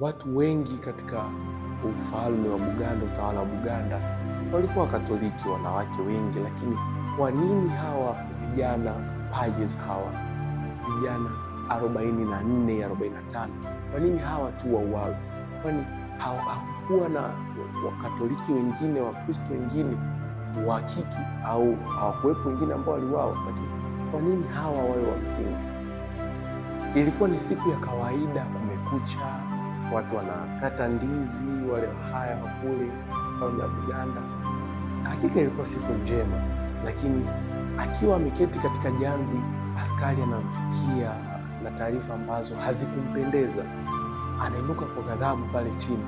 watu wengi katika ufalme wa Buganda, utawala wa Buganda, walikuwa Wakatoliki, wanawake wengi. Lakini kwa nini hawa vijana pages, hawa vijana 44, 45, kwa nini hawa tu wauawe? Kwani hawakuwa na Wakatoliki wengine, Wakristo wengine wakiki au hawakuwepo wengine ambao waliwao? Lakini kwa nini hawa wawe wa msingi? Ilikuwa ni siku ya kawaida, kumekucha watu wanakata ndizi wale Wahaya wakule falme ya Buganda. Hakika ilikuwa siku njema, lakini akiwa ameketi katika jamvi, askari anamfikia na taarifa ambazo hazikumpendeza. Anainuka kwa ghadhabu pale chini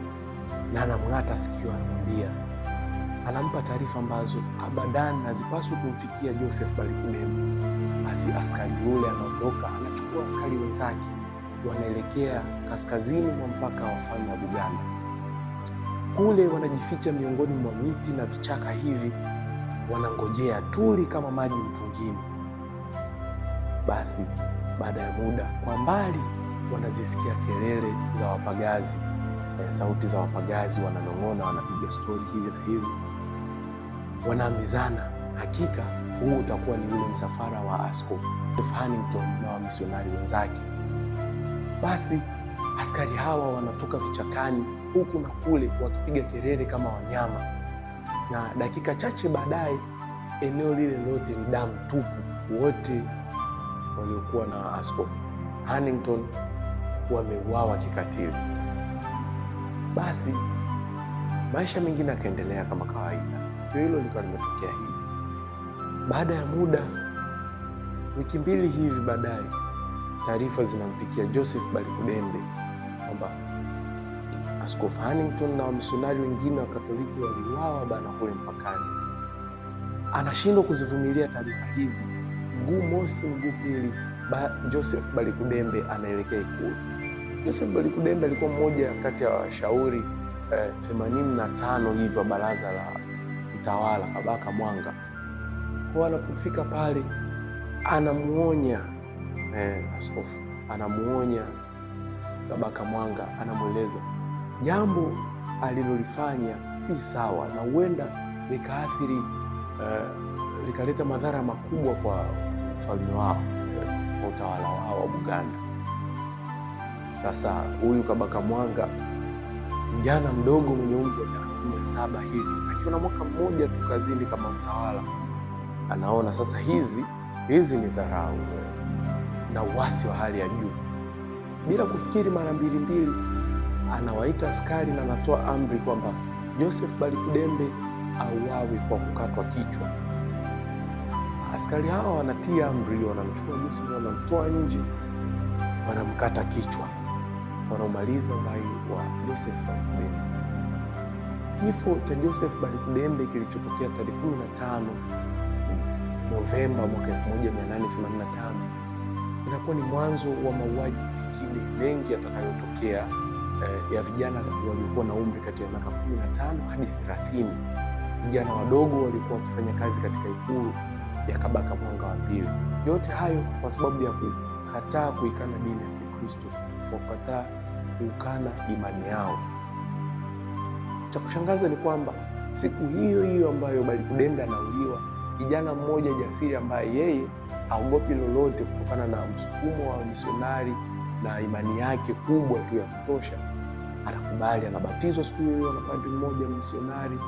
na anamng'ata sikio, anamwambia, anampa taarifa ambazo abadan hazipaswi kumfikia Joseph Balikubengo. Basi askari yule anaondoka, anachukua askari wenzake wanaelekea kaskazini mwa mpaka wa falme wa Buganda. Kule wanajificha miongoni mwa miti na vichaka hivi, wanangojea tuli kama maji mtungini. Basi baada ya muda, kwa mbali wanazisikia kelele za wapagazi, eh, sauti za wapagazi, wananong'ona, wanapiga stori hivi na hivi, wanaambizana hakika huu utakuwa ni ule msafara wa Askofu Huntington na wamisionari wenzake. Basi askari hawa wanatoka vichakani huku na kule wakipiga kelele kama wanyama, na dakika chache baadaye eneo lile lote ni damu tupu. Wote waliokuwa na Askofu Huntington wameuawa kikatili. Basi maisha mengine yakaendelea kama kawaida. Tukio hilo likawa limetokea hivi. Baada ya muda, wiki mbili hivi baadaye taarifa zinamfikia Joseph Balikudembe kwamba Askofu Hannington na wamisionari wengine wa Katoliki waliuawa bana kule mpakani. Anashindwa kuzivumilia taarifa hizi. Mguu mosi, mguu pili, ba Joseph Balikudembe anaelekea Ikulu. Joseph Balikudembe alikuwa mmoja kati ya washauri eh, 85 hivyo baraza la utawala Kabaka Mwanga. Kwa anapofika pale anamuonya eh, askofu anamuonya Kabaka Mwanga, anamweleza jambo alilolifanya si sawa, na huenda likaathiri eh, likaleta madhara makubwa kwa ufalme wao eh, utawala wao wa Buganda. Sasa huyu Kabaka Mwanga kijana mdogo mwenye umri wa miaka kumi na saba hivi akiwa na mwaka mmoja tu kazini kama mtawala, anaona sasa hizi hizi ni dharau na uasi wa hali ya juu. Bila kufikiri mara mbili mbili, anawaita askari na anatoa amri kwamba Joseph Balikudembe auawe kwa kukatwa kichwa. Askari hawa wanatia amri, wanamchukua Muslim, wanamtoa nje, wanamkata kichwa, wanaomaliza uhai wa Joseph Balikudembe. Kifo cha Joseph Balikudembe kilichotokea tarehe 15 Novemba mwaka 1885 inakuwa ni mwanzo wa mauaji mengine mengi yatakayotokea eh, ya vijana waliokuwa na umri kati ya miaka tano hadi thelathini. Vijana wadogo walikuwa wakifanya kazi katika ikulu ya Kabaka Mwanga wa Pili. Yote hayo kwa sababu ya kukataa kuikana dini ya Kikristo, kwa kukataa kuukana imani yao. Cha kushangaza ni kwamba siku hiyo hiyo ambayo balikudenda anauliwa, kijana mmoja jasiri ambaye yeye haogopi lolote kutokana na msukumo wa misionari na imani yake kubwa tu ya kutosha, anakubali, anabatizwa siku hiyo na padri mmoja misionari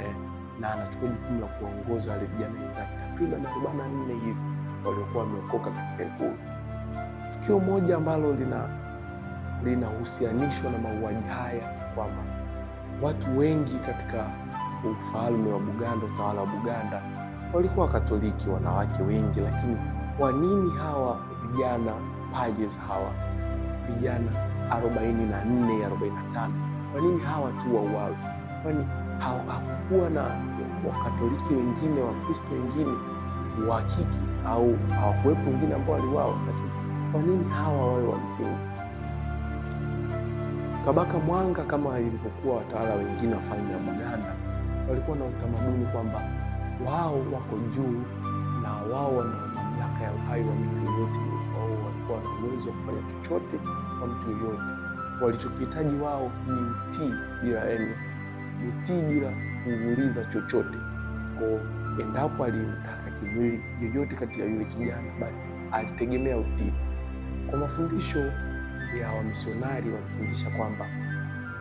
eh, na anachukua jukumu la kuongoza wale vijana wenzake takriban arobaini na nne hivi waliokuwa wameokoka katika Ikulu. Tukio moja ambalo lina linahusianishwa na mauaji haya kwamba watu wengi katika ufalme wa Buganda, utawala wa Buganda walikuwa Wakatoliki wanawake wengi, lakini kwa nini hawa vijana pages hawa vijana 44 45 kwa nini hawa tu wauawe? Kwani hakukuwa na Wakatoliki wengine Wakristo wengine wakiki au hawakuwepo wengine ambao waliwawa? Lakini kwa nini hawa wawe wa msingi? Kabaka Mwanga, kama ilivyokuwa watawala wengine wafalme wa Buganda, walikuwa na utamaduni kwamba wao wako juu na wao wana mamlaka ya uhai wa mtu yoyote Wao walikuwa na uwezo wa kufanya chochote kwa mtu yeyote. Walichokihitaji wao ni utii bila ene, yaani, utii bila kuuliza chochote. Kwa endapo alimtaka kimwili yoyote kati ya yule kijana, basi alitegemea utii. Kwa mafundisho ya wamisionari, walifundisha kwamba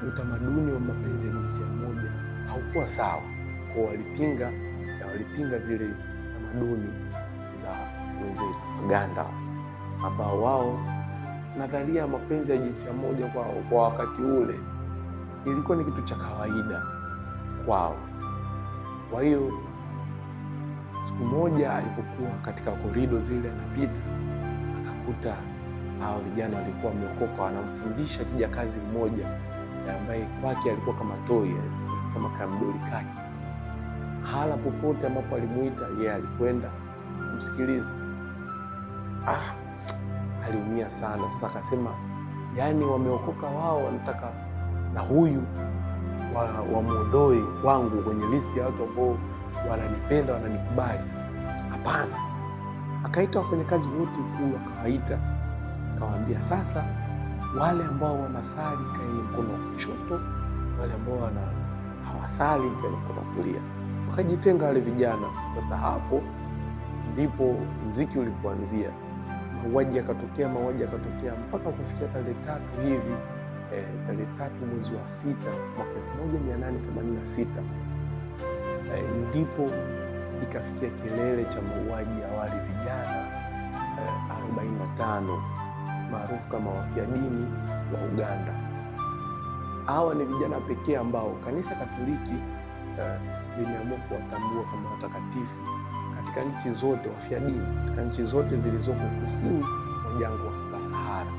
utamaduni wa mapenzi ya jinsia moja haukuwa sawa, kwa walipinga walipinga zile tamaduni za wenzetu Waganda, ambao wao nadharia mapenzi ya jinsia moja kwao kwa wakati ule ilikuwa ni kitu cha kawaida kwao. Kwa hiyo siku moja alipokuwa katika korido zile anapita, akakuta hawa vijana walikuwa wameokoka, wanamfundisha kijakazi mmoja ambaye kwake alikuwa kama toi, kama kamdoli kake hala popote ambapo alimuita yeye, yeah, alikwenda kumsikiliza. Ah, aliumia sana. Sasa akasema, yani wameokoka wao, wanataka na huyu wamwondoe wa wangu kwenye listi ya watu ambao wananipenda wananikubali. Hapana. Akaita wafanyakazi wote kuu akawaita akawaambia, sasa wale ambao wanasali kaeni mkono wa kushoto, wale ambao wana hawasali kaeni mkono wa kulia wakajitenga wale vijana. Sasa hapo ndipo mziki ulipoanzia, mauaji yakatokea, mauaji yakatokea mpaka kufikia tarehe tatu hivi eh, tarehe tatu mwezi wa sita mwaka sita eh, ndipo ikafikia kilele cha mauaji ya wale vijana eh, 45 maarufu kama wafia dini wa Uganda. Hawa ni vijana pekee ambao kanisa Katoliki eh, limeamua kuwatambua kama watakatifu katika nchi zote, wafia dini katika nchi zote zilizoko kusini mwa jangwa la Sahara.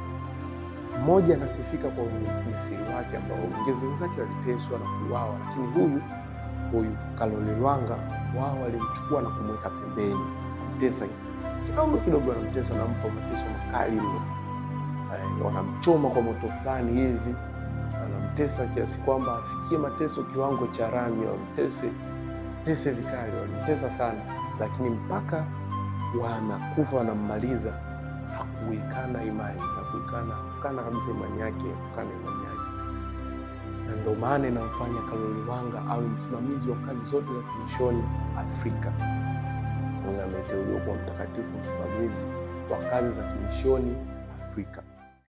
Mmoja anasifika kwa ujasiri wake, ambao wengine zake waliteswa na kuuawa, lakini huyu huyu Kalolelwanga wao walimchukua na kumweka pembeni, mtesa kidogo kidogo, anamtesa, nampa mateso makali mno, eh, wanamchoma kwa moto fulani hivi kumtesa kiasi kwamba afikie mateso kiwango cha rami, wamtese tese vikali, walimtesa sana, lakini mpaka wanakufa wanammaliza, hakuikana imani, hakuikana kana kabisa imani yake, kana imani yake, na ndio maana inamfanya Kaloli Wanga awe msimamizi wa kazi zote za kimishoni Afrika. Ameteuliwa kuwa mtakatifu msimamizi wa kazi za kimishoni Afrika.